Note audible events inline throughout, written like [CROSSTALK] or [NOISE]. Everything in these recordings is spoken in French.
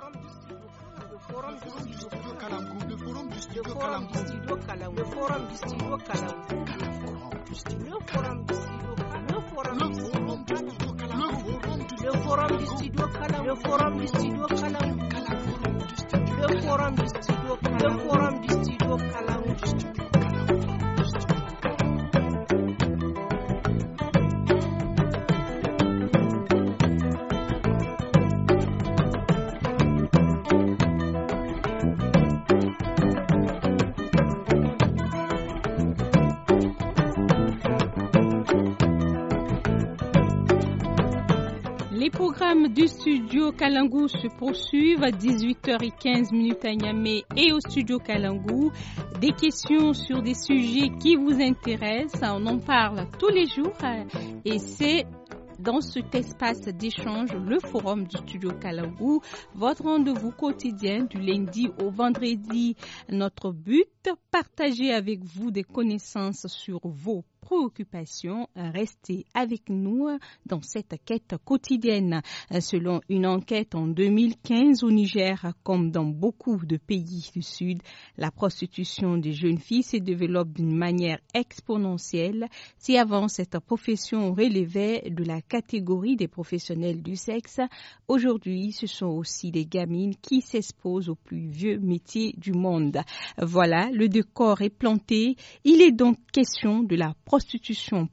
forum du forum du studio Kalamkou, le forum du studio Kalamkou, le forum du studio Kalamkou, le forum du studio Kalamkou, le forum du studio Kalamkou, le forum du studio Kalamkou, le forum du studio Kalamkou, le forum du studio Kalamkou, le forum du studio Kalamkou, le forum du studio Kalamkou, du studio Kalangou se poursuivent à 18h15 à Niamey et au studio Kalangou. Des questions sur des sujets qui vous intéressent, on en parle tous les jours et c'est dans cet espace d'échange, le forum du studio Kalangou, votre rendez-vous quotidien du lundi au vendredi. Notre but, partager avec vous des connaissances sur vos préoccupations euh, restez avec nous euh, dans cette quête quotidienne. Euh, selon une enquête en 2015 au Niger, comme dans beaucoup de pays du Sud, la prostitution des jeunes filles se développe d'une manière exponentielle. Si avant cette profession relevait de la catégorie des professionnels du sexe, aujourd'hui ce sont aussi des gamines qui s'exposent au plus vieux métiers du monde. Voilà, le décor est planté. Il est donc question de la prostitution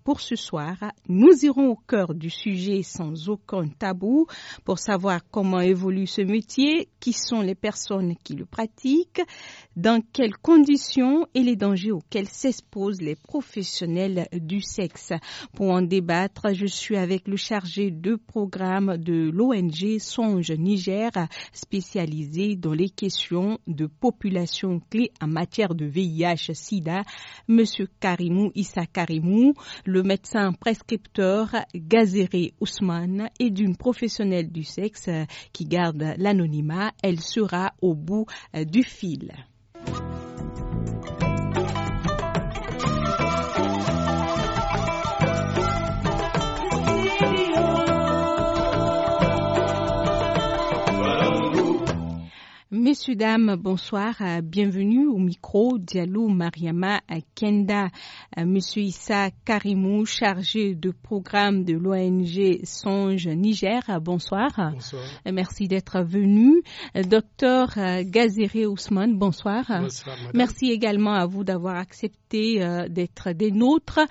pour ce soir. Nous irons au cœur du sujet sans aucun tabou pour savoir comment évolue ce métier, qui sont les personnes qui le pratiquent, dans quelles conditions et les dangers auxquels s'exposent les professionnels du sexe. Pour en débattre, je suis avec le chargé de programme de l'ONG Songe Niger, spécialisé dans les questions de population clé en matière de VIH-Sida, M. Karimou Issa le médecin prescripteur Gazéré Ousmane et d'une professionnelle du sexe qui garde l'anonymat. Elle sera au bout euh, du fil. Messieurs, dames, bonsoir. Euh, bienvenue au micro Diallo Mariama euh, Kenda. Euh, Monsieur Issa Karimou, chargé de programme de l'ONG Songe Niger. Bonsoir. Bonsoir. Merci d'être venu. Docteur Gazéré Ousmane, bonsoir. Merci également à vous d'avoir accepté d'être des nôtres.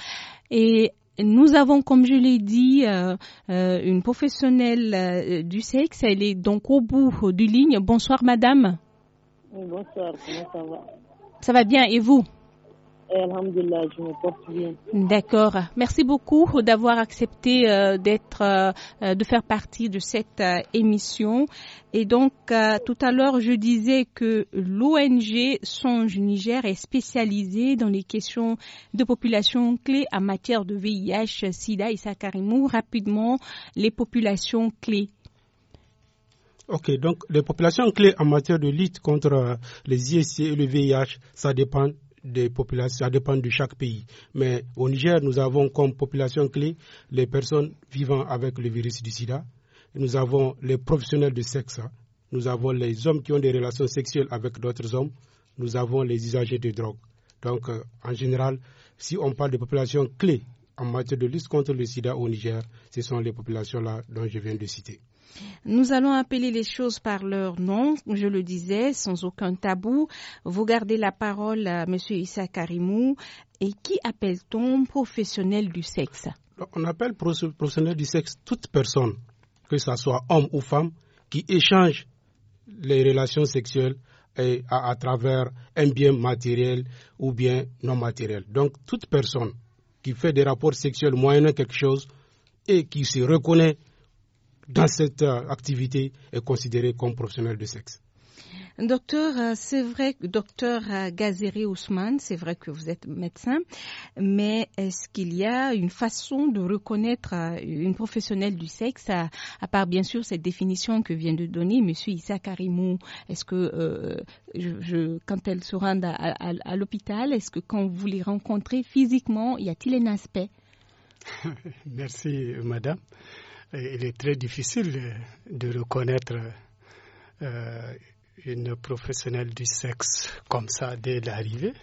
Et nous avons, comme je l'ai dit, euh, euh, une professionnelle euh, du sexe. Elle est donc au bout du ligne. Bonsoir, madame. Bonsoir, comment ça va Ça va bien, et vous D'accord. Merci beaucoup d'avoir accepté euh, d'être, euh, euh, de faire partie de cette émission. Et donc, tout à l'heure, je disais que l'ONG Songe Niger est spécialisée dans les questions de populations clés en matière de VIH, SIDA et Sakarimou. Rapidement, les populations clés. Ok, donc les populations clés en matière de lutte contre les ISC et le VIH, ça dépend des populations, ça dépend de chaque pays. Mais au Niger, nous avons comme population clé les personnes vivant avec le virus du sida. Nous avons les professionnels de sexe. Hein. Nous avons les hommes qui ont des relations sexuelles avec d'autres hommes. Nous avons les usagers de drogue. Donc, euh, en général, si on parle de population clé en matière de lutte contre le sida au Niger, ce sont les populations-là dont je viens de citer. Nous allons appeler les choses par leur nom, je le disais, sans aucun tabou. Vous gardez la parole à euh, M. Issa Karimou. Et qui appelle-t-on professionnel du sexe On appelle professionnel du sexe toute personne, que ce soit homme ou femme, qui échange les relations sexuelles à, à, travers un bien matériel ou bien non matériel. Donc toute personne qui fait des rapports sexuels moyennant quelque chose et qui se reconnaît dans cette euh, activité est considérée comme professionnelle de sexe. Docteur, euh, c'est vrai, docteur euh, Gaziri Ousmane, c'est vrai que vous êtes médecin, mais est-ce qu'il y a une façon de reconnaître une professionnelle du sexe, à, part bien sûr cette définition que vient de donner M. Issa Karimou Est-ce que quand elle se rend à, à l'hôpital, est-ce que quand vous les rencontrez physiquement, y a-t-il un aspect [LAUGHS] Merci, madame il est très difficile de reconnaître euh, une professionnelle du sexe comme ça dès l'arrivée.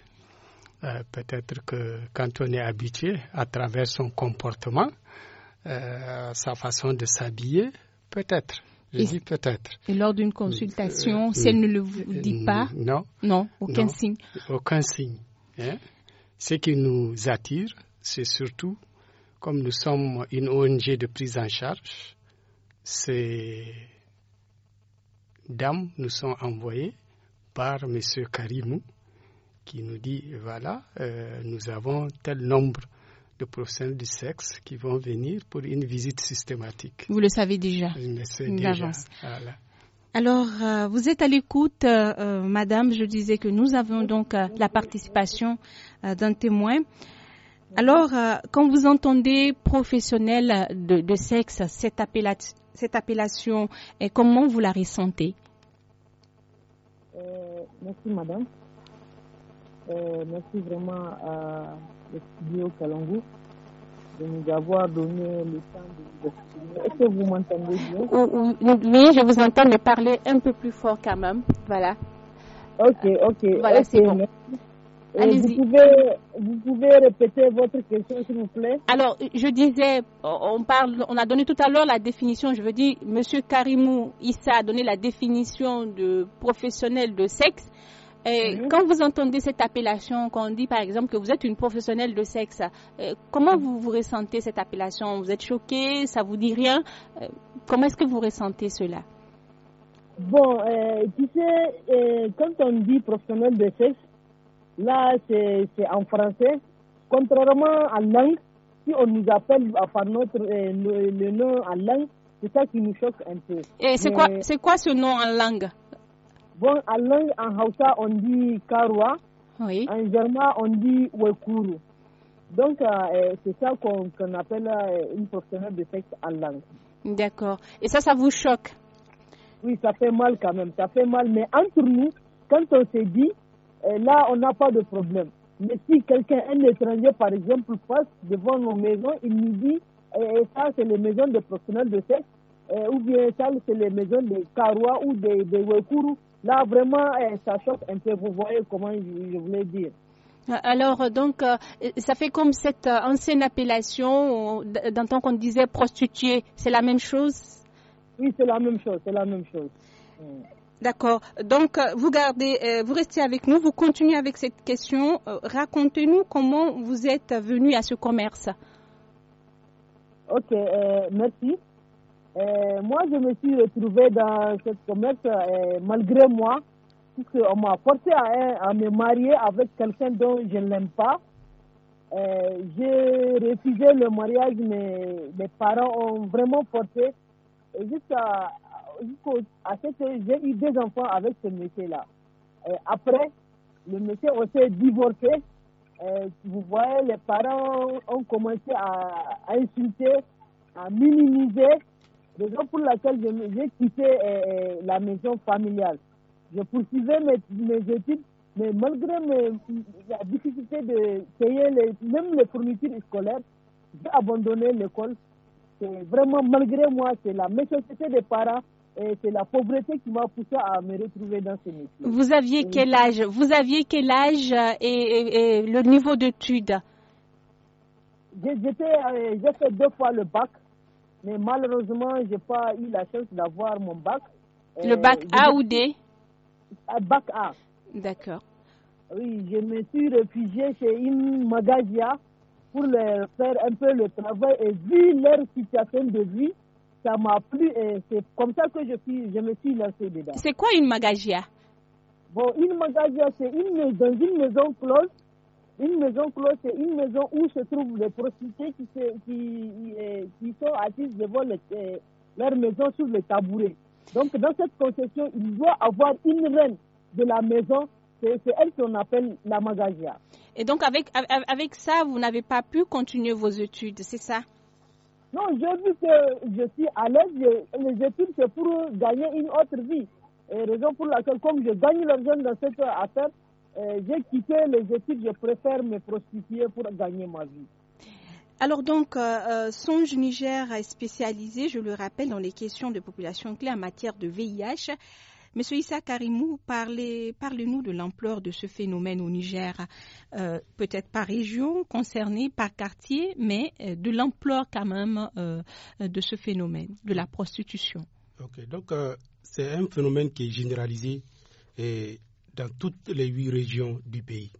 Euh, peut-être que quand on est habitué à travers son comportement, euh, sa façon de s'habiller, peut-être. Je dis peut-être. Et lors d'une consultation, si elle ne le dit pas Non. Non, aucun signe. Aucun signe. Hein. Ce qui nous attire, c'est surtout comme nous sommes une ONG de prise en charge, ces dames nous sont envoyées par M. Karimou qui nous dit voilà, euh, nous avons tel nombre de professionnels du sexe qui vont venir pour une visite systématique. Vous le savez déjà. Je déjà. Alors, euh, vous êtes à l'écoute, euh, Madame. Je disais que nous avons donc la participation d'un témoin. Alors, euh, quand vous entendez professionnel de, de sexe, cette, appellation, et comment vous la ressentez euh, Merci, madame. Euh, merci vraiment à le studio Kalangou de nous avoir donné le temps de vous Est-ce que vous m'entendez bien Oui, je vous entends, mais parler un peu plus fort quand même. Voilà. Ok, ok. Voilà, c'est bon. Vous pouvez, vous pouvez répéter votre question, s'il vous plaît Alors, je disais, on, parle, on a donné tout à l'heure la définition, je veux dire, M. Karimou Issa a donné la définition de professionnel de sexe. Et Quand vous entendez cette appellation, quand on dit par exemple que vous êtes une professionnelle de sexe, euh, comment vous vous ressentez cette appellation Vous êtes choqué Ça vous dit rien euh, Comment est-ce que vous ressentez cela Bon, euh, tu sais, quand on dit professionnel de sexe, Là, c'est en français. Contrairement à langue, si on nous appelle par notre euh, le, nom en langue, c'est ça qui nous choque un peu. Et c'est quoi, c'est quoi ce nom en langue Bon, en langue, en Hausa, on dit Karwa. Oui. En Germain, on dit Wekuru. Donc, euh, euh, c'est ça qu'on appelle une professionnelle de sexe en langue. D'accord. Et ça, ça vous choque Oui, ça fait mal quand même. Ça fait mal. Mais entre nous, quand on se dit, et là, on n'a pas de problème. Mais si quelqu'un, un étranger par exemple, passe devant nos maisons, il nous dit ça, c'est les maisons des professionnels de sexe, ou bien ça, c'est les maisons des carouas ou des, Wekuru. Là, vraiment, eh, ça choque un peu. Vous voyez comment je, voulais dire. Alors, donc, euh, ça fait comme cette euh, ancienne appellation, dans temps qu'on disait prostituée, c'est la même chose Oui, c'est la même chose, c'est la même chose. Mm. D'accord. Donc, euh, vous gardez, euh, vous restez avec nous, vous continuez avec cette question. Euh, racontez-nous comment vous êtes venu à ce commerce. Ok, merci. moi, je me suis retrouvé dans ce commerce malgré moi, puisqu'on m'a forcé à, me marier avec quelqu'un dont je ne l'aime pas. J'ai refusé le mariage, mais mes parents ont vraiment forcé à ce que j'ai eu deux enfants avec ce métier-là. Euh, après, le métier, on s'est divorcé. Euh, vous voyez, les parents ont commencé à, insulter, à minimiser. Raison pour laquelle j'ai quitté euh, la maison familiale. Je poursuivais mes, études, mais malgré mes, la difficulté de payer les, même les fournitures scolaires, j'ai abandonné l'école. C'est vraiment malgré moi, c'est la méchanceté des parents et c'est la pauvreté qui m'a poussé à me retrouver dans ce métier. Vous aviez quel âge Vous aviez quel âge euh, et, le niveau d'études euh, J'ai fait deux fois le bac, mais malheureusement, j'ai pas eu la chance d'avoir mon bac. Le bac A ou D ah, Bac A. D'accord. Oui, je me suis réfugié chez une magasia pour faire un peu le travail et vu leur situation de vie, ça m'a plu et c'est comme ça que je, me suis lancée dedans. C'est quoi une magagia Bon, une magagia, c'est une, dans une maison close. Une maison close, c'est une maison où se trouvent les prostituées qui, se, qui, euh, sont assises devant euh, leur maison sur le tabouret. Donc, dans cette concession, il doit avoir une reine de la maison. C'est elle qu'on appelle la magagia. Et donc, avec, avec ça, vous n'avez pas pu continuer vos études, c'est ça non, j'ai vu que je suis à l'aise, les études, c'est pour gagner une autre vie. Et raison pour laquelle, comme je gagne l'argent dans cette affaire, euh, j'ai quitté les études, je préfère me prostituer pour gagner ma vie. Alors donc, euh, euh, Songe Niger est spécialisé, je le rappelle, dans les questions de population clé en matière de VIH. Monsieur Issa Karimou, parlez-nous de l'ampleur de ce phénomène au Niger, euh, peut-être par région concernée, par quartier, mais euh, de l'ampleur quand même euh, de ce phénomène, de la prostitution. Ok, donc c'est un phénomène qui est généralisé dans toutes les huit régions du pays.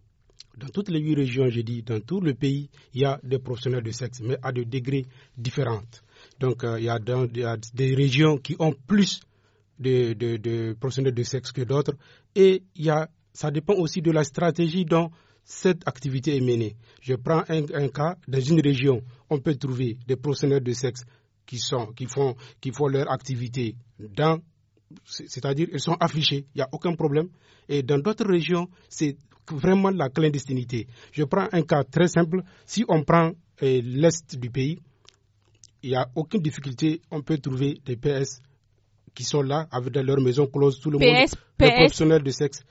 Dans toutes les huit régions, je dis, dans tout le pays, il y a des professionnels de sexe, mais à des degrés différents. Donc, il, y a des régions qui ont plus de, de, de professionnels de sexe que d'autres. Et y a, ça dépend aussi de la stratégie dont cette activité est menée. Je prends un, un cas, dans une région, on peut trouver des professionnels de sexe qui, sont, qui, font, qui font leur activité dans c'est-à-dire ils sont affichés, il n'y a aucun problème. Et dans d'autres régions, c'est vraiment la clandestinité. Je prends un cas très simple. Si on prend eh, l'est du pays, il n'y a aucune difficulté, on peut trouver des PS qui sont là avec leur maison close, tout le monde, les professionnels de sexe,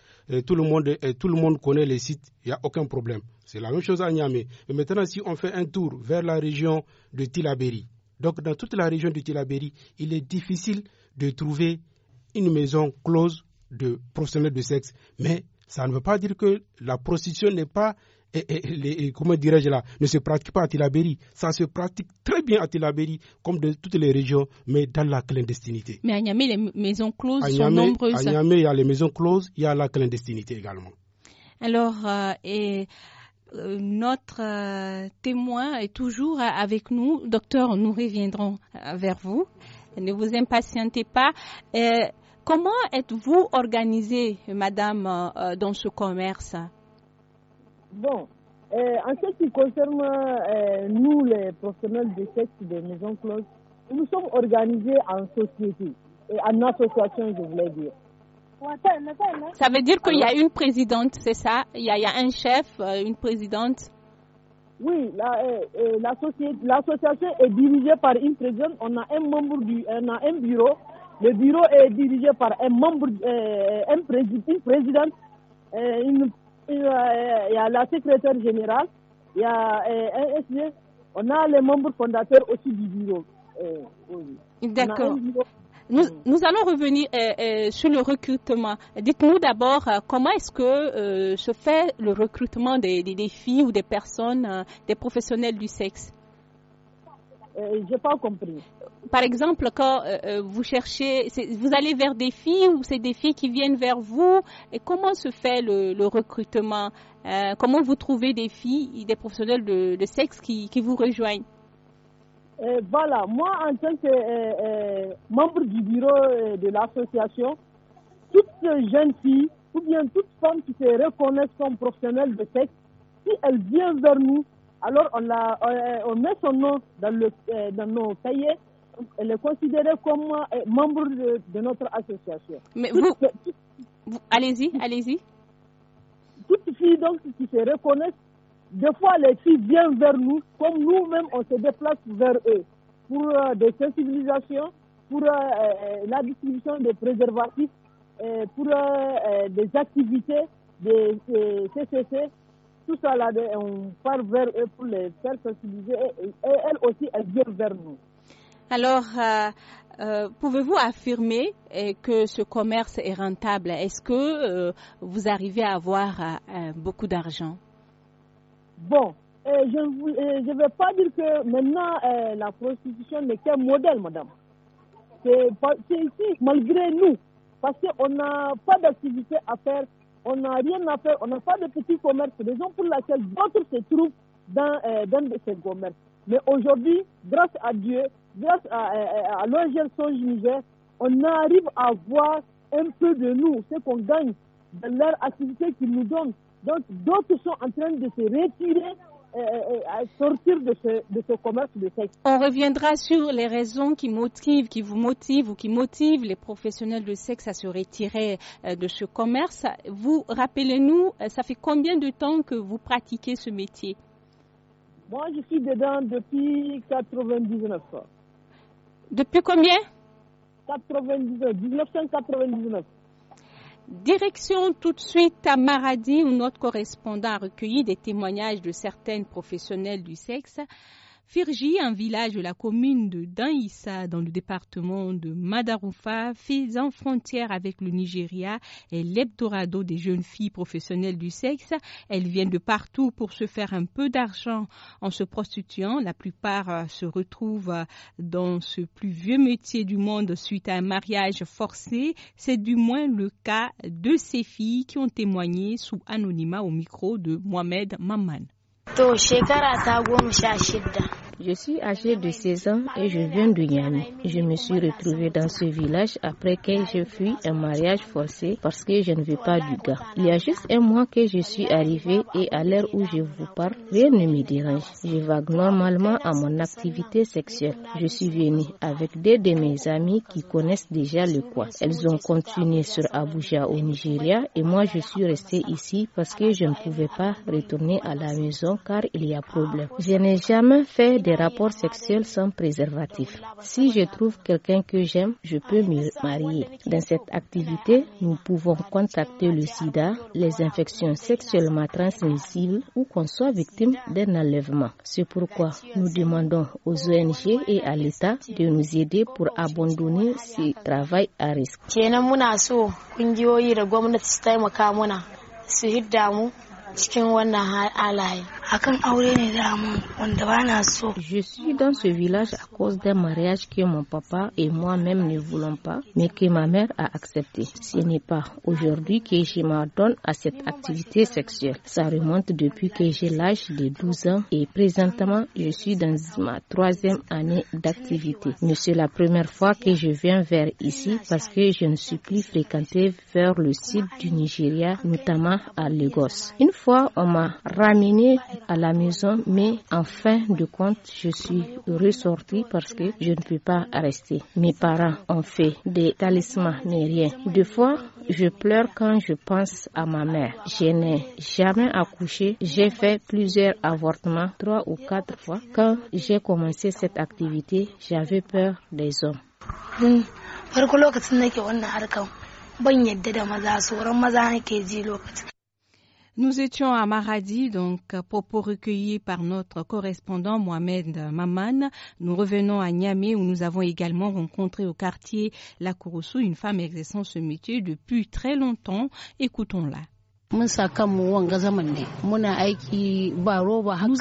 tout, le monde, tout le monde connaît les sites, il n'y a aucun problème. C'est la même chose à Niamey. Mais maintenant, si on fait un tour vers la région de Tilaberi, donc dans toute la région de Tilaberi, il est difficile de trouver une maison close de professionnels de sexe, mais ça ne veut pas dire que la prostitution n'est pas et, comment dirais-je là, ne se pratique pas à Tilaberi. Ça se pratique très bien à Tilaberi, comme de toutes les régions, mais dans la clandestinité. Mais à Niamey, les maisons closes sont nombreuses. À Niamey, il y a les maisons closes, il y a la clandestinité également. Alors, euh, et euh, notre euh, témoin est toujours avec nous. Docteur, nous reviendrons vers vous. Ne vous impatientez pas. comment êtes-vous organisée, madame, dans ce commerce Bon, euh, en ce qui concerne euh, nous, les professionnels de sexe des maisons closes, nous sommes organisés en société et en association, je voulais dire. Ça veut dire qu'il y a une présidente, c'est ça il y, a, un chef, euh, une présidente Oui, l'association est dirigée par une présidente. On a un membre on a un bureau. Le bureau est dirigé par un membre, un président, une présidente, il y a la secrétaire générale, il y a euh, un SG, on a les membres fondateurs aussi du bureau. Euh, D'accord. Nous, allons revenir euh, sur le recrutement. Dites-nous d'abord comment est-ce que se fait le recrutement des, filles ou des personnes, des professionnels du sexe euh, euh, Je n'ai pas compris. Par exemple, quand euh, vous cherchez, vous allez vers des filles ou c'est des filles qui viennent vers vous. Et comment se fait le, recrutement Comment vous trouvez des filles, des professionnels de, sexe qui, qui, vous rejoignent Voilà, moi en tant que membre du bureau de l'association, toute jeune fille ou bien toute femme qui se reconnaît comme professionnelle de sexe, si elle vient vers nous, alors on, euh, euh, on met son nom dans, le, euh, dans nos cahiers elle est considérée comme membre de, notre association. Mais vous, allez-y, allez-y. Toutes filles donc qui se reconnaissent, des fois les filles viennent vers nous, comme nous-mêmes on se déplace vers eux pour des sensibilisations, pour la distribution des préservatifs, pour des activités des CCC tout ça là, on part vers eux pour les faire sensibiliser et, elles aussi, elles viennent vers nous. Alors, euh, euh, pouvez-vous affirmer euh, que ce commerce est rentable Est-ce que vous arrivez à avoir beaucoup d'argent Bon, je ne vais pas dire que maintenant la prostitution n'est qu'un modèle, madame. C'est ici, malgré nous, parce qu'on n'a pas d'activité à faire on n'a rien à faire, on n'a pas de petits commerces, raison pour laquelle d'autres se trouvent dans, euh, ces commerces. Mais aujourd'hui, grâce à Dieu, grâce à, euh, euh, à, à l'ONG on arrive à voir un peu de nous, ce qu'on gagne, de leur activité qu'ils nous donnent. Donc d'autres sont en train de se retirer euh, euh, sortir de ce, commerce de sexe. On reviendra sur les raisons qui motivent, qui vous motivent ou qui motivent les professionnels de sexe à se retirer euh, de ce commerce. Vous rappelez-nous, ça fait combien de temps que vous pratiquez ce métier Moi, je suis dedans depuis 99 Depuis combien 99, 1999. Direction tout de suite à Maradi où notre correspondant a recueilli des témoignages de certaines professionnelles du sexe. Firji, un village de la commune de Danissa dans le département de Madaroufa, en frontière avec le Nigeria, est l'hebdorado des jeunes filles professionnelles du sexe. Elles viennent de partout pour se faire un peu d'argent en se prostituant. La plupart euh, se retrouvent euh, dans ce plus vieux métier du monde suite à un mariage forcé. C'est du moins le cas de ces filles qui ont témoigné sous anonymat au micro de Mohamed Maman. To shekara ta goma sha shidda. Je suis âgée de 16 ans et je viens de Yami. Je me suis retrouvée dans ce village après que je fui un mariage forcé parce que je ne veux pas du gars. Il y a juste un mois que je suis arrivée et à l'heure où je vous parle, rien ne me dérange. Je vague normalement à mon activité sexuelle. Je suis venue avec deux de mes amies qui connaissent déjà le quoi. Elles ont continué sur Abuja au Nigeria et moi je suis restée ici parce que je ne pouvais pas retourner à la maison car il y a problème. Je n'ai jamais fait des rapports sexuels sans préservatif. Si je trouve quelqu'un que j'aime, je peux me marier. Dans cette activité, nous pouvons contacter le sida, les infections sexuellement transmissibles ou qu'on soit victime d'un enlèvement. C'est pourquoi nous demandons aux ONG et à l'État de nous aider pour abandonner ce travail à risque. Je suis dans ce village à cause d'un mariage que mon papa et moi-même ne voulons pas, mais que ma mère a accepté. Ce n'est pas aujourd'hui que je m'adonne à cette activité sexuelle. Ça remonte depuis que j'ai l'âge de 12 ans et présentement, je suis dans ma troisième année d'activité. Mais c'est la première fois que je viens vers ici parce que je ne suis plus fréquentée vers le sud du Nigeria, notamment à Lagos. Une fois fois, on m'a ramenée à la maison, mais en fin de compte, je suis ressortie parce que je ne peux pas rester. Mes parents ont fait des talismans, mais rien. Deux fois, je pleure quand je pense à ma mère. Je n'ai jamais accouché. J'ai fait plusieurs avortements, trois ou quatre fois. Quand j'ai commencé cette activité, j'avais peur des hommes. Hmm. Nous étions à Maradi, donc propos recueillis par notre correspondant Mohamed Maman. Nous revenons à Niamey où nous avons également rencontré au quartier Lakouroussou une femme exerçant ce métier depuis très longtemps. Écoutons-la. Nous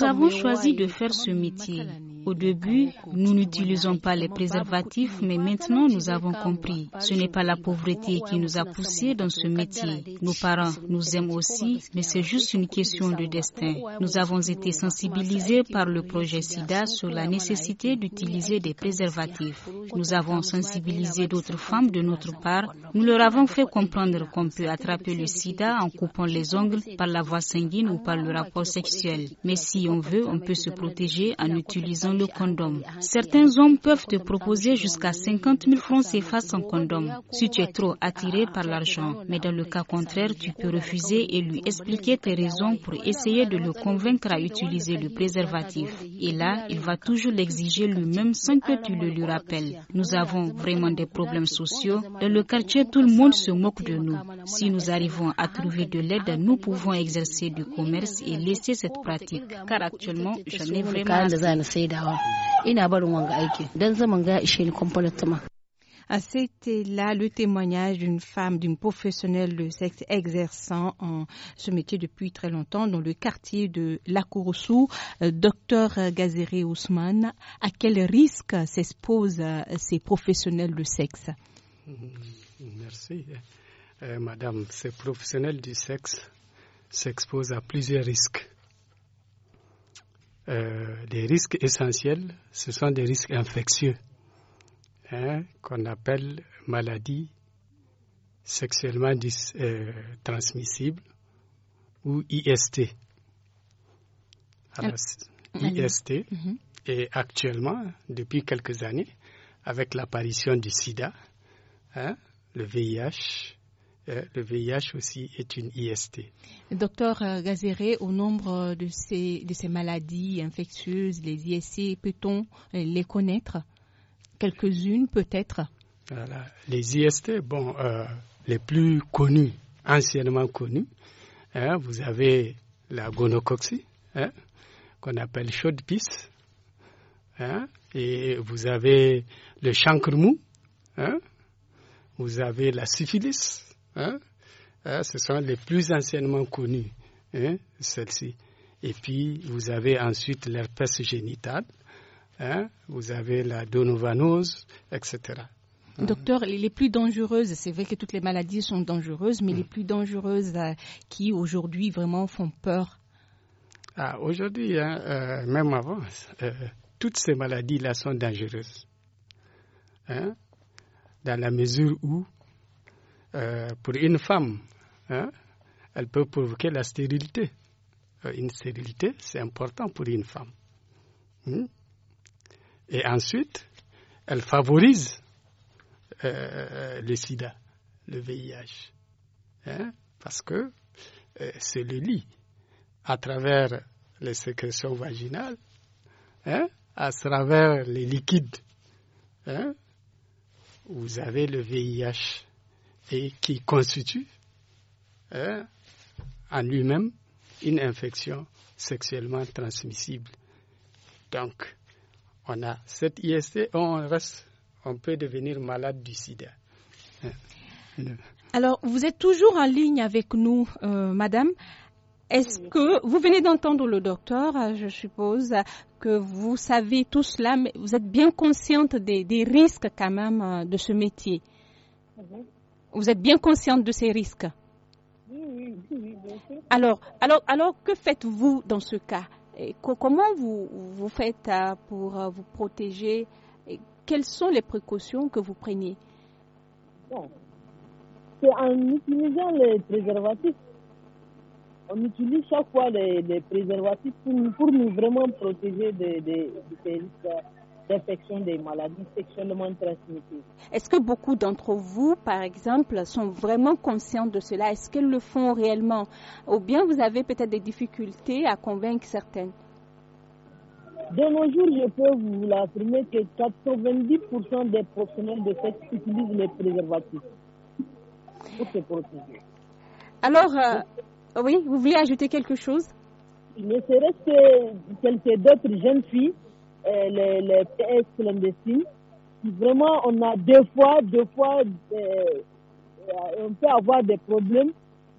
avons choisi de faire ce métier au début, nous n'utilisons pas les préservatifs, mais maintenant nous avons compris. Ce n'est pas la pauvreté qui nous a poussés dans ce métier. Nos parents nous aiment aussi, mais c'est juste une question de destin. Nous avons été sensibilisés par le projet SIDA sur la nécessité d'utiliser des préservatifs. Nous avons sensibilisé d'autres femmes de notre part. Nous leur avons fait comprendre qu'on peut attraper le sida en coupant les ongles par la voie sanguine ou par le rapport sexuel. Mais si on veut, on peut se protéger en utilisant le condom. Certains hommes peuvent te proposer jusqu'à 50 000 francs CFA sans condom si tu es trop attiré par l'argent. Mais dans le cas contraire, tu peux refuser et lui expliquer tes raisons pour essayer de le convaincre à utiliser le préservatif. Et là, il va toujours l'exiger lui-même sans que tu le lui rappelles. Nous avons vraiment des problèmes sociaux. Dans le quartier, tout le monde se moque de nous. Si nous arrivons à trouver de l'aide, nous pouvons exercer du commerce et laisser cette pratique. Car actuellement, je n'ai vraiment. C'était là le témoignage d'une femme, d'une professionnelle de sexe exerçant en ce métier depuis très longtemps dans le quartier de Lakouroussou, euh, docteur Gazéré Ousmane. À quel risque s'exposent euh, ces professionnels de sexe mm-hmm. Merci. Euh, madame, ces professionnels du sexe s'exposent à plusieurs risques. Les euh, risques essentiels, ce sont des risques infectieux hein, qu'on appelle maladies sexuellement euh, transmissibles ou IST. Ah, IST mhm. et actuellement, depuis quelques années, avec l'apparition du sida, hein, le VIH, euh, le VIH aussi est une IST. Docteur euh, Gazéré, au nombre euh, de ces, de ces maladies infectieuses, les IST, peut-on les connaître Quelques-unes peut-être Les IST, bon, les plus connus, anciennement connus, hein, vous avez la gonocoxie, hein, qu'on appelle chaude pisse, hein, et vous avez le chancre mou, vous avez la syphilis, Hein? Hein, ce sont les plus anciennement connues, hein, celles-ci. Et puis, vous avez ensuite l'herpès génital, vous avez la donovanose, etc. Docteur, les plus dangereuses, c'est vrai que toutes les maladies sont dangereuses, mais les mm. plus dangereuses euh, qui aujourd'hui vraiment font peur ah, Aujourd'hui, euh, même avant, euh, toutes ces maladies-là sont dangereuses. dans la mesure où euh, pour une femme, hein, elle peut provoquer la stérilité. Euh, une stérilité, c'est important pour une femme. Hmm? Et ensuite, elle favorise euh, le sida, le VIH. Hein, parce que c'est le lit. À travers les sécrétions vaginales, hein, à travers les liquides, vous avez le VIH et qui constitue hein, en lui-même une infection sexuellement transmissible. Donc, on a cette IST, on reste, on peut devenir malade du sida. Hein. Alors, vous êtes toujours en ligne avec nous, euh, madame. Est-ce que vous venez d'entendre le docteur, euh, je suppose, que vous savez tout cela, mais vous êtes bien consciente des, risques quand même euh, de ce métier. Mhm. Vous êtes bien consciente de ces risques Oui, alors, alors, alors, que faites-vous dans ce cas Comment vous, vous faites euh, pour euh, vous protéger Quelles sont les précautions que vous prenez C'est en utilisant les préservatifs. On utilise chaque fois les, préservatifs pour, nous vraiment protéger des risques d'infection des maladies sexuellement transmissibles. Est-ce que beaucoup d'entre vous, par exemple, sont vraiment conscients de cela Est-ce qu'elles le font réellement Ou bien vous avez peut-être des difficultés à convaincre certaines de nos jours, je peux vous l'affirmer que 90% des professionnels de sexe utilisent les préservatifs pour se protéger. Alors, euh, oui, vous voulez ajouter quelque chose Ne serait-ce que quelques autres jeunes filles euh, les, PS clandestines. Vraiment, on a deux fois, deux fois, euh, euh, on peut avoir des problèmes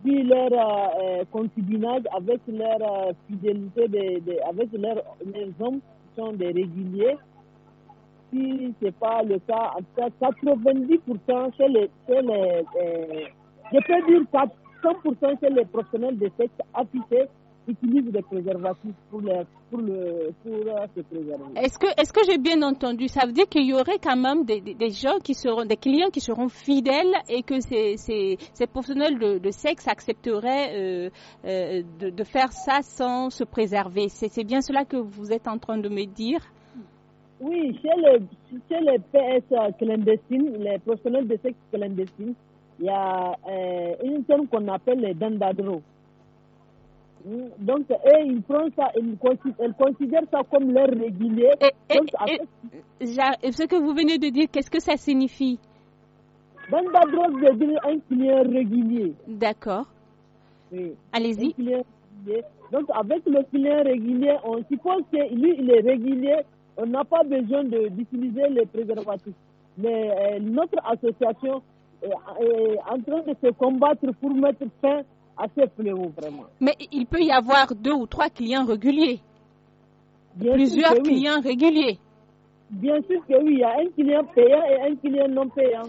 puis leur euh, avec leur fidélité, avec leur, leurs hommes qui sont des réguliers. Si ce n'est pas le cas, 90% chez les, je peux dire 100% chez les professionnels de sexe affichés utilisent des préservatifs pour, les, pour, se préserver. Est-ce que, est que j'ai bien entendu Ça veut dire qu'il y aurait quand même des, gens qui seront, des clients qui seront fidèles et que ces, ces, ces professionnels de, sexe accepteraient euh, euh, de, de, faire ça sans se préserver. C'est bien cela que vous êtes en train de me dire oui, chez les, chez les PS clandestines, les professionnels de sexe clandestines, il y a euh, une terme qu'on appelle les dandadros. Donc, elles ça et ils considèrent, ça comme leur régulier. Et, ce que vous venez de dire, qu'est-ce que ça signifie Donc, la drogue veut un client régulier. D'accord. Allez-y. Donc, avec le client régulier, on suppose que lui, il est régulier. On n'a pas besoin d'utiliser les préservatifs. Mais euh, notre association est, euh, est en train de se combattre pour mettre fin vraiment. Mais il peut y avoir deux ou trois clients réguliers. Plusieurs clients réguliers. Bien sûr que oui, il y a un client payant et un client non payant.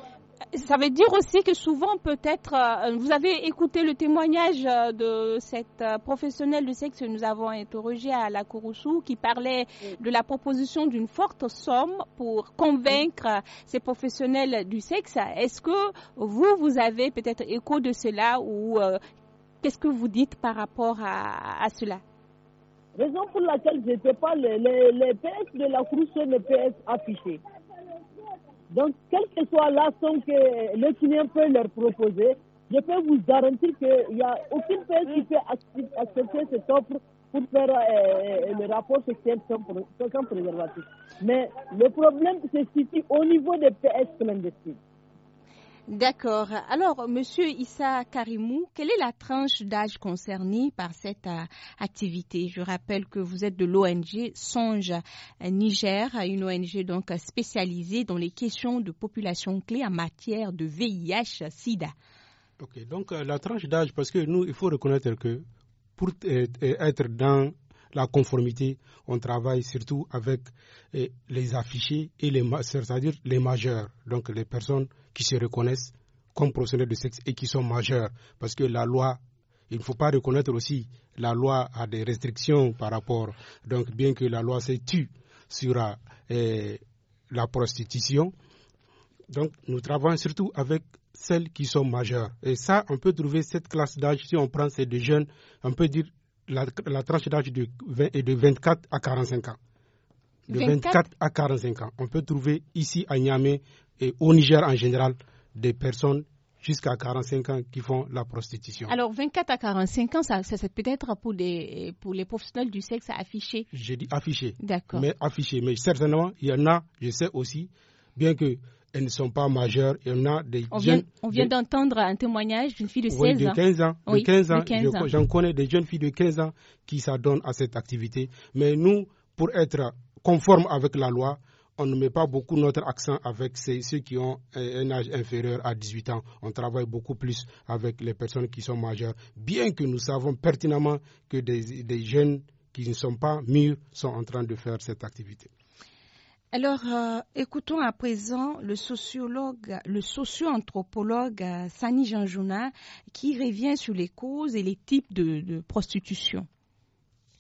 Ça veut dire aussi que souvent, peut-être, euh, vous avez écouté le témoignage euh, de cette euh, professionnelle du sexe que nous avons interrogée à la Kouroussou qui parlait de la proposition d'une forte somme pour convaincre ces professionnels du sexe. Est-ce que vous, vous avez peut-être écho de cela ou Qu'est-ce que vous dites par rapport à, cela Raison pour laquelle je ne fais pas les, PS de la couche sont les PS affichés. Donc, quelle que soit la somme que le client peut leur proposer, je peux vous garantir qu'il n'y a aucune PS qui peut accepter cette offre pour faire euh, euh, le rapport sexuel sans, sans préservatif. Mais le problème se situe au niveau des PS clandestines. D'accord. Alors, Monsieur Issa Karimou, quelle est la tranche d'âge concernée par cette euh, activité Je rappelle que vous êtes de l'ONG Songe euh, Niger, une ONG donc spécialisée dans les questions de population clé en matière de VIH/SIDA. Ok. Donc euh, la tranche d'âge, parce que nous, il faut reconnaître que pour être dans la conformité, on travaille surtout avec eh, les affichés et les c'est-à-dire les majeurs, donc les personnes qui se reconnaissent comme professionnels de sexe et qui sont majeurs, parce que la loi il ne faut pas reconnaître aussi la loi a des restrictions par rapport. Donc, bien que la loi se tue sur eh, la prostitution, donc nous travaillons surtout avec celles qui sont majeures. Et ça, on peut trouver cette classe d'âge, si on prend ces deux jeunes, on peut dire la, tranche d'âge 20, est de 24 à 45 ans. De 24, à 45 ans. On peut trouver ici à Niamey et au Niger en général des personnes jusqu'à 45 ans qui font la prostitution. Alors 24 à 45 ans, ça, c'est peut-être pour les, pour les professionnels du sexe affiché. J'ai dit affiché. D'accord. Mais affiché. Mais certainement, il y en a, je sais aussi, bien que elles ne sont pas majeures. on a des Vient, on vient d'entendre un témoignage d'une fille de 16 oui, de 15 ans. de 15 ans. J'en connais des jeunes filles de 15 ans qui s'adonnent à cette activité. Mais nous, pour être conformes avec la loi, on ne met pas beaucoup notre accent avec ceux, qui ont un âge inférieur à 18 ans. On travaille beaucoup plus avec les personnes qui sont majeures, bien que nous savons pertinemment que des jeunes qui ne sont pas mûrs sont en train de faire cette activité. Alors, euh, écoutons à présent le sociologue, le socio-anthropologue euh, Sani Janjouna qui revient sur les causes et les types de prostitution.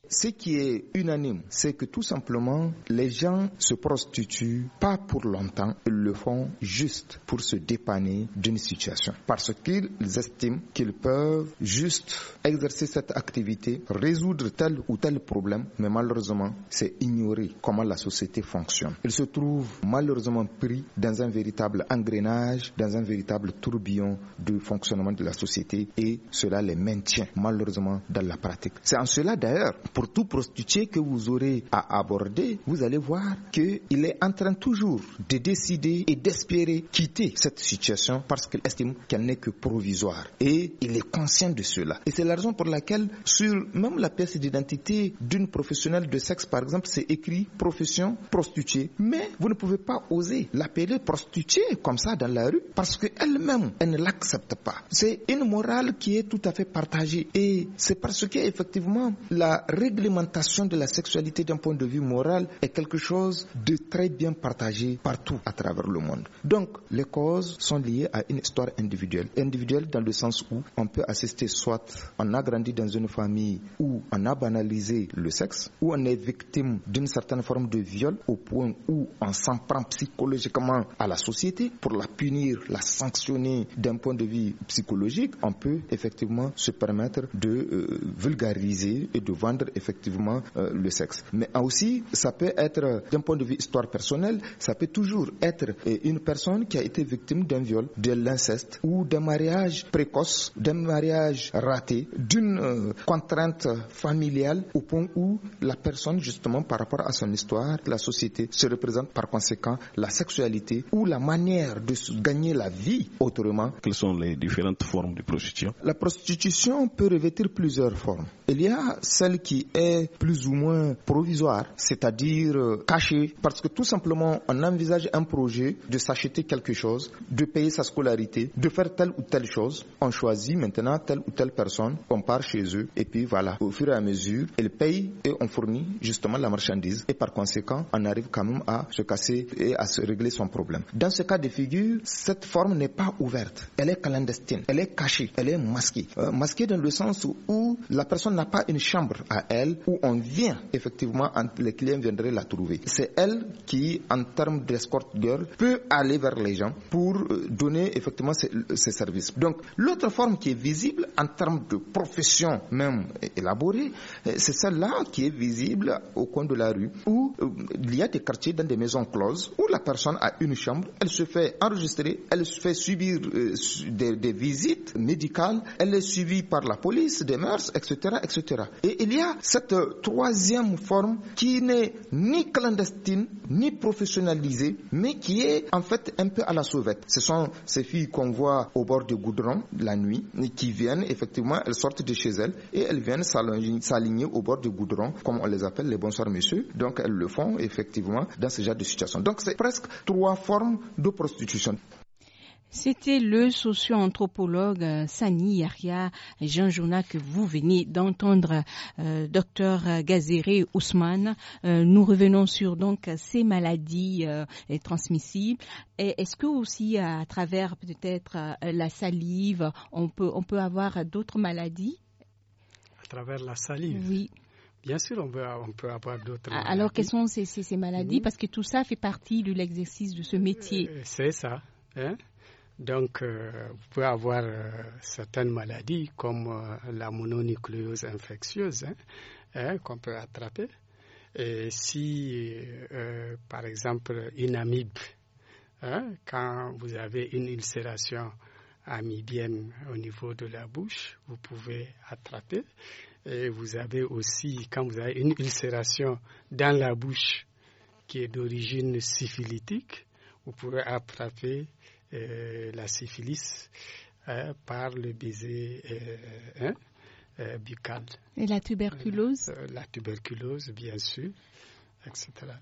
Ce qui est unanime, c'est que tout simplement, les gens se prostituent pas pour longtemps, ils le font juste pour se dépanner d'une situation. Parce qu'ils estiment qu'ils peuvent juste exercer cette activité, résoudre tel ou tel problème, mais malheureusement, c'est ignorer comment la société fonctionne. Ils se trouvent malheureusement pris dans un véritable engrenage, dans un véritable tourbillon du fonctionnement de la société et cela les maintient malheureusement dans la pratique. C'est en cela d'ailleurs pour tout prostitué que vous aurez à aborder, vous allez voir qu'il est en train toujours de décider et d'espérer quitter cette situation parce qu'il estime qu'elle n'est que provisoire. Et il est conscient de cela. Et c'est la raison pour laquelle, sur même la pièce d'identité d'une professionnelle de sexe, par exemple, c'est écrit profession prostituée. Mais vous ne pouvez pas oser l'appeler prostituée comme ça dans la rue parce qu'elle-même, elle ne l'accepte pas. C'est une morale qui est tout à fait partagée. Et c'est parce qu'effectivement, la réglementation de la sexualité d'un point de vue moral est quelque chose de très bien partagé partout à travers le monde. Donc, les causes sont liées à une histoire individuelle. Individuelle dans le sens où on peut assister soit on a grandi dans une famille où on a banalisé le sexe, où on est victime d'une certaine forme de viol au point où on s'en prend psychologiquement à la société pour la punir, la sanctionner d'un point de vue psychologique, on peut effectivement se permettre de euh, vulgariser et de vendre effectivement euh, le sexe. Mais ah, aussi, ça peut être, d'un point de vue histoire personnelle, ça peut toujours être euh, une personne qui a été victime d'un viol, de l'inceste ou d'un mariage précoce, d'un mariage raté, d'une euh, contrainte familiale au point où la personne, justement, par rapport à son histoire, la société se représente par conséquent la sexualité ou la manière de gagner la vie autrement. Quelles sont les différentes formes de prostitution La prostitution peut revêtir plusieurs formes. Il y a celle qui est plus ou moins provisoire, c'est-à-dire euh, caché, parce que tout simplement, on envisage un projet de s'acheter quelque chose, de payer sa scolarité, de faire telle ou telle chose. On choisit maintenant telle ou telle personne, on part chez eux, et puis voilà. Au fur et à mesure, elle paye et on fournit justement la marchandise, et par conséquent, on arrive quand même à se casser et à se régler son problème. Dans ce cas de figure, cette forme n'est pas ouverte, elle est clandestine, elle est cachée, elle est masquée. Euh, masquée dans le sens où la personne n'a pas une chambre à elle elle où on vient effectivement, les clients viendraient la trouver. C'est elle qui, en termes d'escort girl, peut aller vers les gens pour euh, donner effectivement ses, services. Donc, l'autre forme qui est visible en termes de profession même élaborée, euh, c'est celle-là qui est visible au coin de la rue où euh, il y a des quartiers dans des maisons closes où la personne a une chambre, elle se fait enregistrer, elle se fait subir des, des visites médicales, elle est suivie par la police, des mœurs, etc., etc. Et il y a cette troisième forme qui n'est ni clandestine ni professionnalisée, mais qui est en fait un peu à la sauvette. Ce sont ces filles qu'on voit au bord du goudron la nuit, qui viennent effectivement, elles sortent de chez elles et elles viennent s'aligner au bord du goudron, comme on les appelle les bonsoirs messieurs. Donc elles le font effectivement dans ce genre de situation. Donc c'est presque trois formes de prostitution. C'était le socio-anthropologue euh, Sani Yaria Jean-Jouna que vous venez d'entendre, euh, docteur Gazéré Ousmane. Euh, nous revenons sur donc ces maladies transmissibles. Est-ce que aussi à travers peut-être la salive, on peut, on peut avoir d'autres maladies À travers la salive Oui. Bien sûr, on peut, avoir d'autres maladies. Alors, quelles sont ces, maladies mhm. Parce que tout ça fait partie de l'exercice de ce métier. C'est ça. Hein donc, euh, vous pouvez avoir euh, certaines maladies comme euh, la mononucléose infectieuse hein, hein, qu'on peut attraper. si, par exemple, une amibe, hein, quand vous avez une ulcération amibienne au niveau de la bouche, vous pouvez attraper. Et vous avez aussi, quand vous avez une ulcération dans la bouche qui est d'origine syphilitique, vous pouvez attraper euh, la syphilis euh, par le baiser euh, hein, buccal. Et la tuberculose La tuberculose, bien sûr.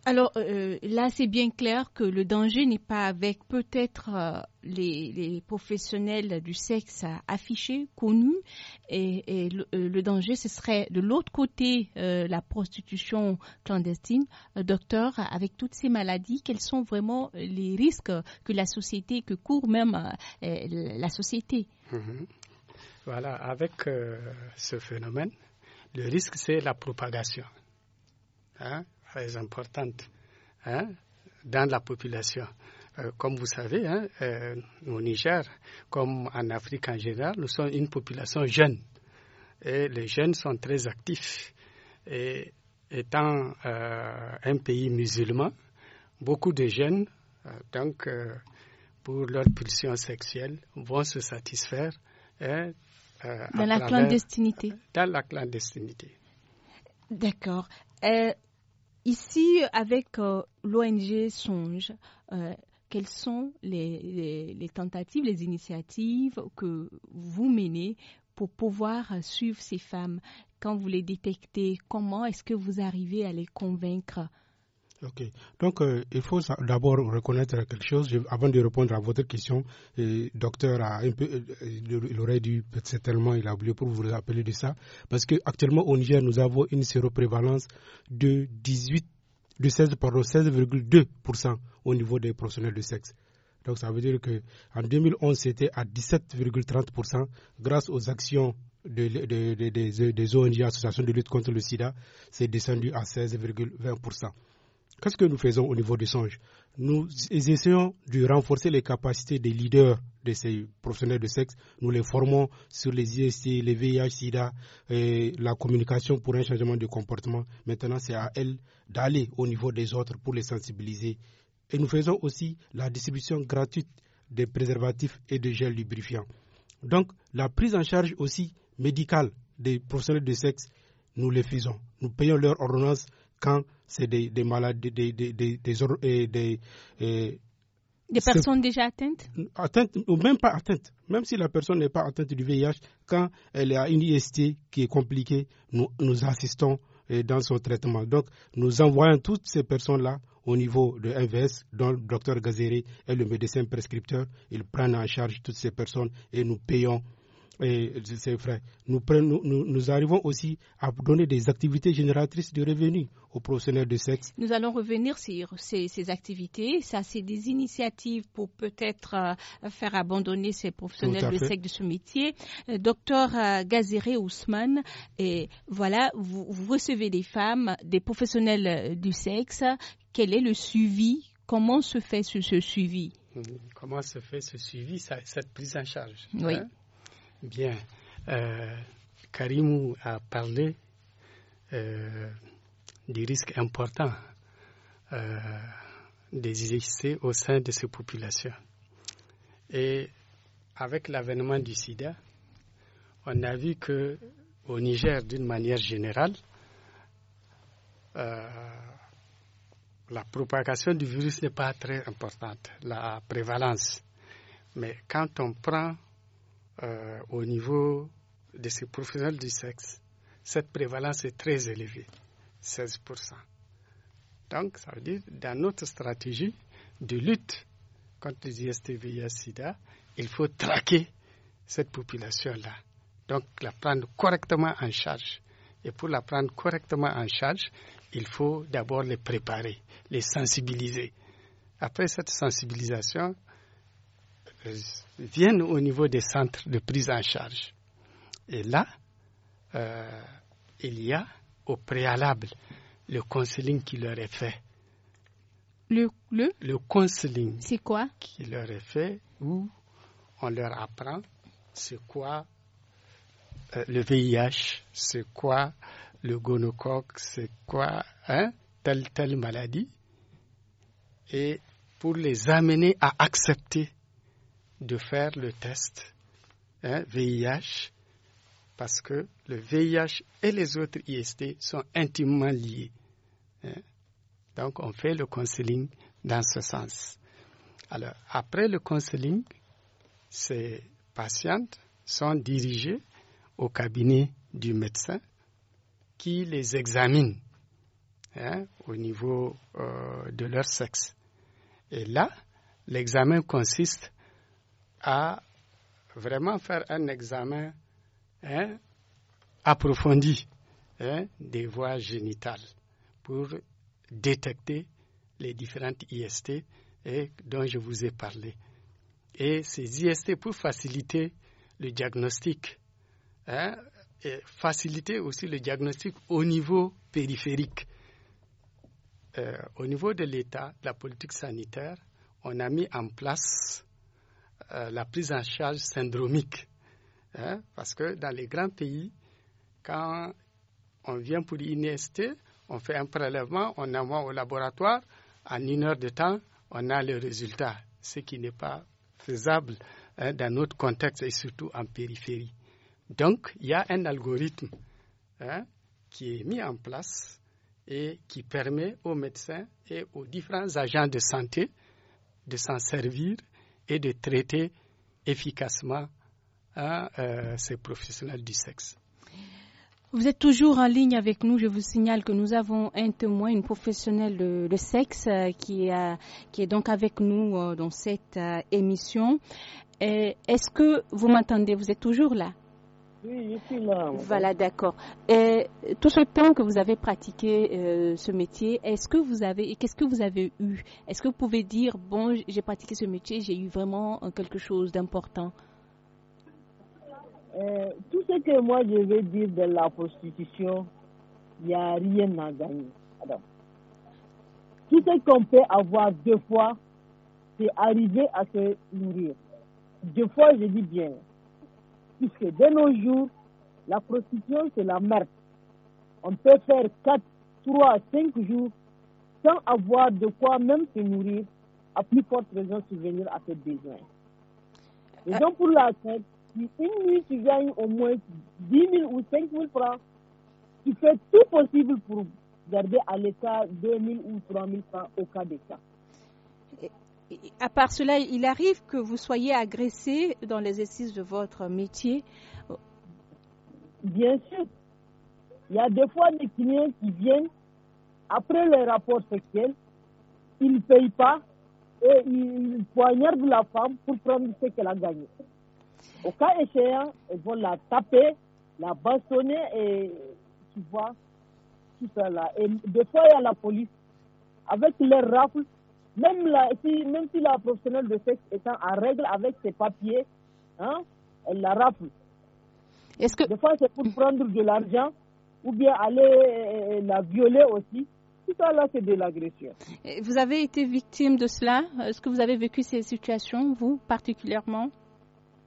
Alors euh, là, c'est bien clair que le danger n'est pas avec peut-être euh, les, professionnels du sexe affichés, connus, et, euh, le, danger, ce serait de l'autre côté la prostitution clandestine. docteur, avec toutes ces maladies, quels sont vraiment les risques que la société, que court même la société mhm. Voilà, avec ce phénomène, le risque, c'est la propagation. Hein? très importante hein, dans la population. Euh, comme vous savez, hein, euh, au Niger, comme en Afrique en général, nous sommes une population jeune. Et les jeunes sont très actifs. Et étant euh, un pays musulman, beaucoup de jeunes, donc, pour leur pulsion sexuelle, vont se satisfaire. Hein, dans la clandestinité. Dans la clandestinité. D'accord. Ici, avec euh, l'ONG Songe, euh, quelles sont les, les, tentatives, les initiatives que vous menez pour pouvoir suivre ces femmes Quand vous les détectez, comment est-ce que vous arrivez à les convaincre Ok. Donc, euh, il faut d'abord reconnaître quelque chose. avant de répondre à votre question, le euh, docteur a un peu, euh, il aurait dû tellement il a oublié pour vous rappeler de ça, parce qu'actuellement au Niger, nous avons une séroprévalence de de 16,2% au niveau des professionnels de sexe. Donc, ça veut dire que en 2011, c'était à 17,30% grâce aux actions des ONG, associations de lutte contre le sida, c'est descendu à 16,20%. Qu'est-ce que nous faisons au niveau des songes Nous essayons de renforcer les capacités des leaders de ces professionnels de sexe. Nous les formons sur les IST, les VIH, SIDA, la communication pour un changement de comportement. Maintenant, c'est à elles d'aller au niveau des autres pour les sensibiliser. Et nous faisons aussi la distribution gratuite des préservatifs et de gels lubrifiants. Donc, la prise en charge aussi médicale des professionnels de sexe, nous les faisons. Nous payons leur ordonnance quand c'est des, malades, des, des, des, personnes déjà atteintes Atteintes, ou même pas atteintes. Même si la personne n'est pas atteinte du VIH, quand elle a une IST qui est compliquée, nous, nous assistons eh, dans son traitement. Donc, nous envoyons toutes ces personnes-là au niveau de MVS, dont le docteur Gazeri est le médecin prescripteur. Il prend en charge toutes ces personnes et nous payons et c'est vrai. Nous, nous, arrivons aussi à donner des activités génératrices de revenus aux professionnels de sexe. Nous allons revenir sur ces, activités. Ça, c'est des initiatives pour peut-être euh, faire abandonner ces professionnels de sexe de ce métier. Euh, docteur euh, gazéré Ousmane, et voilà, vous, recevez des femmes, des professionnels du sexe. Quel est le suivi Comment se fait ce, suivi Comment se fait ce suivi, cette prise en charge oui. Hein? Bien. Euh, Karimou a parlé euh, du euh, des risques importants des au sein de ces populations. Et avec l'avènement du sida, on a vu que au Niger, d'une manière générale, la propagation du virus n'est pas très importante, la prévalence. Mais quand on prend euh, au niveau de ces professionnels du sexe, cette prévalence est très élevée, 16%. Donc, ça veut dire, dans notre stratégie de lutte contre les et sida il faut traquer cette population-là. Donc, la prendre correctement en charge. Et pour la prendre correctement en charge, il faut d'abord les préparer, les sensibiliser. Après cette sensibilisation, euh, viennent au niveau des centres de prise en charge. Et là, euh, il y a au préalable le counseling qui leur est fait. Le, le, counseling. C'est quoi Qui leur est fait où on leur apprend c'est quoi euh, le VIH, c'est quoi le gonocoque, c'est quoi hein, telle telle maladie. Et pour les amener à accepter de faire le test hein, VIH parce que le VIH et les autres IST sont intimement liés. Hein. Donc on fait le counseling dans ce sens. Alors après le counseling, ces patientes sont dirigées au cabinet du médecin qui les examine hein, au niveau euh, de leur sexe. Et là, l'examen consiste à vraiment faire un examen hein, approfondi hein, des voies génitales pour détecter les différentes IST hein, dont je vous ai parlé. Et ces IST pour faciliter le diagnostic, faciliter aussi le diagnostic au niveau périphérique. Euh, au niveau de l'État, la politique sanitaire, on a mis en place euh, la prise en charge syndromique. Hein, parce que dans les grands pays, quand on vient pour l'INST, on fait un prélèvement, on envoie au laboratoire, en une heure de temps, on a le résultat, ce qui n'est pas faisable hein, dans notre contexte et surtout en périphérie. Donc, il y a un algorithme hein, qui est mis en place et qui permet aux médecins et aux différents agents de santé de s'en servir et de traiter efficacement hein, euh, ces professionnels du sexe. Vous êtes toujours en ligne avec nous. Je vous signale que nous avons un témoin, une professionnelle de, sexe euh, qui, euh, qui, est donc avec nous dans cette émission. Est-ce que vous m'entendez Vous êtes toujours là oui, je suis Voilà, d'accord. tout ce temps que vous avez pratiqué euh, ce métier, est-ce que vous avez, qu'est-ce que vous avez eu Est-ce que vous pouvez dire, bon, j'ai pratiqué ce métier, j'ai eu vraiment euh, quelque chose d'important euh, Tout ce que moi je vais dire de la prostitution, il n'y a rien à gagner. tout ce qu'on peut avoir deux fois, c'est arriver à se nourrir. Deux fois, je dis bien, puisque de nos jours, la prostitution, c'est la merde. On peut faire 4, 3, 5 jours sans avoir de quoi même se nourrir, à plus forte raison venir à ses besoins. Et euh. donc, pour la tête, si une nuit tu gagnes au moins 10 000 ou 5 000 francs, tu fais tout possible pour garder à l'état 2 000 ou 3 000 francs au cas d'état à part cela, il arrive que vous soyez agressé dans l'exercice de votre métier Bien sûr. Il y a des fois des clients qui viennent après le rapport sexuel, ils ne payent pas et ils poignardent la femme pour prendre ce qu'elle a gagné. Au cas échéant, ils vont la taper, la bâtonner et tu vois, tout ça là. Et des fois, il y a la police avec les rafles même, si, même si la professionnelle de sexe étant en règle avec ses papiers, hein, elle la rafle. Est-ce que... Des fois, c'est pour prendre de l'argent ou bien aller euh, la violer aussi. Tout ça, là, c'est de l'agression. Vous avez été victime de cela Est-ce que vous avez vécu ces situations, vous, particulièrement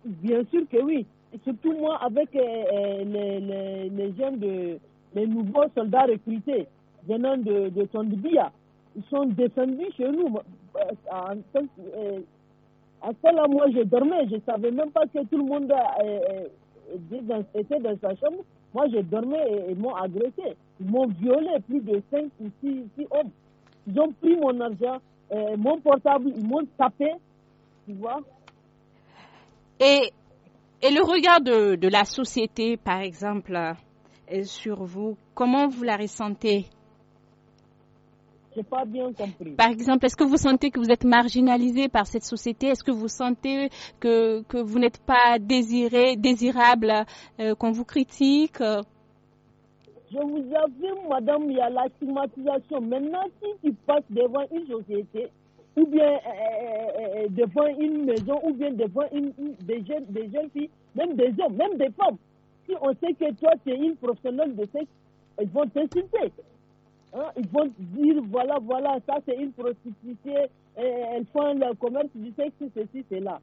Bien sûr que oui. surtout moi, avec euh, euh, les, jeunes, de, les nouveaux soldats recrutés venant de, de Tondibia ils sont descendus chez nous. Euh, en tant, euh, à là moi, je dormais. Je ne savais même pas que tout le monde euh, était dans sa chambre. Moi, je dormais et, ils m'ont agressé. Ils m'ont violé plus de 5 ou 6, hommes. Ils ont pris mon argent, mon portable, ils m'ont tapé. Tu vois et, et, le regard de, de, la société, par exemple, sur vous, comment vous la ressentez pas bien compris. Par exemple, est-ce que vous sentez que vous êtes marginalisé par cette société Est-ce que vous sentez que, que vous n'êtes pas désiré, désirable, euh, qu'on vous critique je vous avoue, madame, il y a la stigmatisation. Maintenant, si tu passes devant une société, ou bien euh, euh, devant une maison, ou bien devant des, jeunes, des jeunes filles, même des hommes, même des femmes, si on sait que toi, tu es une professionnelle de sexe, ils vont t'insulter. Hein, ils vont dire voilà, voilà, ça c'est une prostituée, elles font le commerce du sexe, ceci, là.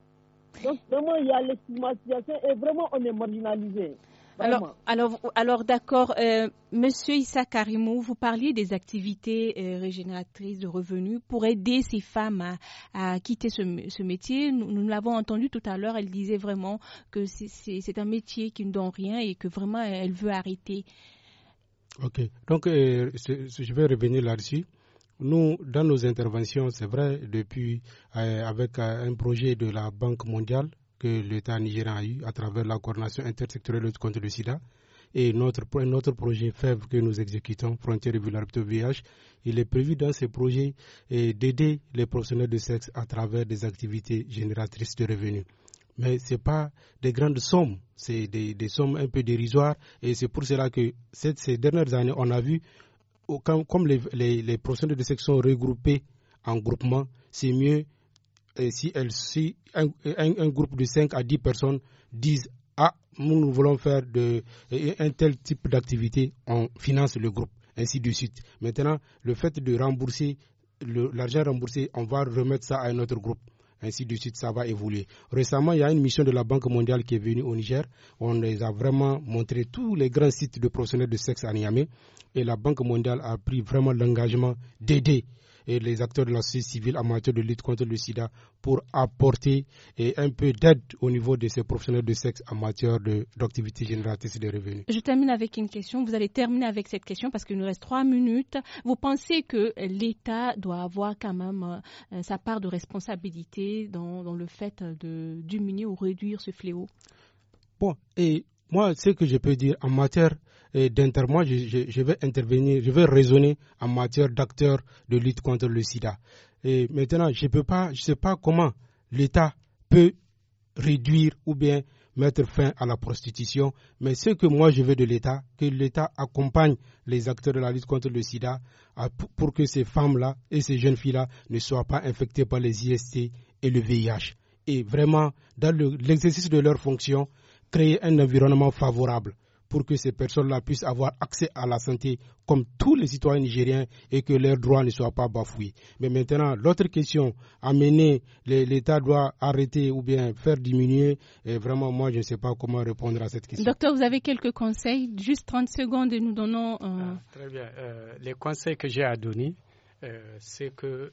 Donc vraiment, il y a l'estimation et vraiment, on est marginalisé. Alors, alors, d'accord, euh, Monsieur Issa Karimou, vous parliez des activités euh, régénératrices de revenus pour aider ces femmes à, quitter ce, métier. Nous, nous l'avons entendu tout à l'heure, elle disait vraiment que c'est un métier qui ne donne rien et que vraiment elle veut arrêter. Ok, donc euh, je vais revenir là-dessus. Nous, dans nos interventions, c'est vrai, depuis euh, avec euh, un projet de la Banque mondiale que l'État nigérian a eu à travers la coordination intersectorielle contre le sida et notre, notre projet FEV que nous exécutons, Frontières Vulnérabilité au VIH, il est prévu dans ce projet d'aider les professionnels de sexe à travers des activités génératrices de revenus mais ce n'est pas des grandes sommes, c'est des, sommes un peu dérisoires. Et c'est pour cela que ces dernières années, on a vu, comme les, procédures de section regroupées regroupés en groupement, c'est mieux euh, si, un, groupe de 5 à 10 personnes disent Ah, nous, nous voulons faire un tel type d'activité, on finance le groupe, ainsi de suite. Maintenant, le fait de rembourser l'argent remboursé, on va remettre ça à un autre groupe ainsi de suite, ça va évoluer. Récemment, il y a une mission de la Banque mondiale qui est venue au Niger. On les a vraiment montré tous les grands sites de professionnels de sexe à Niamey. Et la Banque mondiale a pris vraiment l'engagement d'aider et les acteurs de la société civile en matière de lutte contre le sida pour apporter eh, un peu d'aide au niveau de ces professionnels de sexe en matière d'activité génératrice de revenus. Je termine avec une question. Vous allez terminer avec cette question parce qu'il nous reste trois minutes. Vous pensez que l'État doit avoir quand même euh, sa part de responsabilité dans, dans le fait de diminuer ou réduire ce fléau Bon, et moi, ce que je peux dire en matière d'Inter, moi, je, je, vais intervenir, je vais raisonner en matière d'acteurs de lutte contre le sida. Et maintenant, je ne sais pas comment l'État peut réduire ou bien mettre fin à la prostitution, mais ce que moi je veux de l'État, que l'État accompagne les acteurs de la lutte contre le sida pour que ces femmes-là et ces jeunes filles-là ne soient pas infectées par les IST et le VIH. Et vraiment, dans l'exercice de leurs fonctions, créer un environnement favorable pour que ces personnes-là puissent avoir accès à la santé comme tous les citoyens nigériens et que leurs droits ne soient pas bafoués. Mais maintenant, l'autre question, amener l'État doit arrêter ou bien faire diminuer, et vraiment, moi, je ne sais pas comment répondre à cette question. Docteur, vous avez quelques conseils Juste 30 secondes et nous donnons... Euh, ah, très bien. Euh, les conseils que j'ai à donner, euh, c'est que...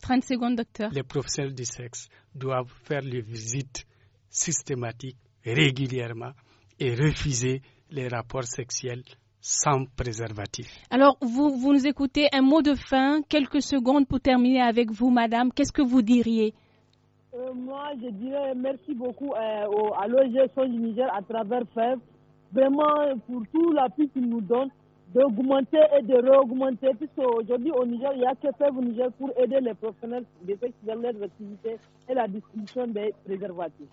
30 secondes, docteur. Les professionnels du sexe doivent faire les visites systématiques, régulièrement, et refuser les rapports sexuels sans préservatif. Alors, vous, vous nous écoutez, un mot de fin, quelques secondes pour terminer avec vous, madame. Qu'est-ce que vous diriez euh, Moi, je dirais merci beaucoup euh, à l'OG du Niger à travers FEV, vraiment pour tout l'appui qu'il nous donne d'augmenter et de réaugmenter, puisque aujourd'hui au Niger, il n'y a que FEV au Niger pour aider les professionnels des leurs activités et la distribution des préservatifs.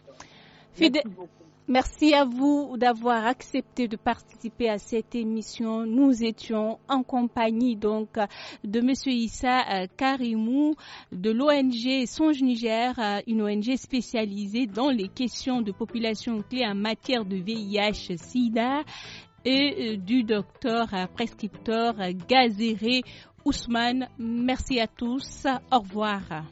Merci à vous d'avoir accepté de participer à cette émission. Nous étions en compagnie donc de Monsieur Issa euh, Karimou de l'ONG Songe Niger, euh, une ONG spécialisée dans les questions de population clé en matière de VIH/SIDA et euh, du docteur prescripteur Gazéré Ousmane. Merci à tous. Au revoir.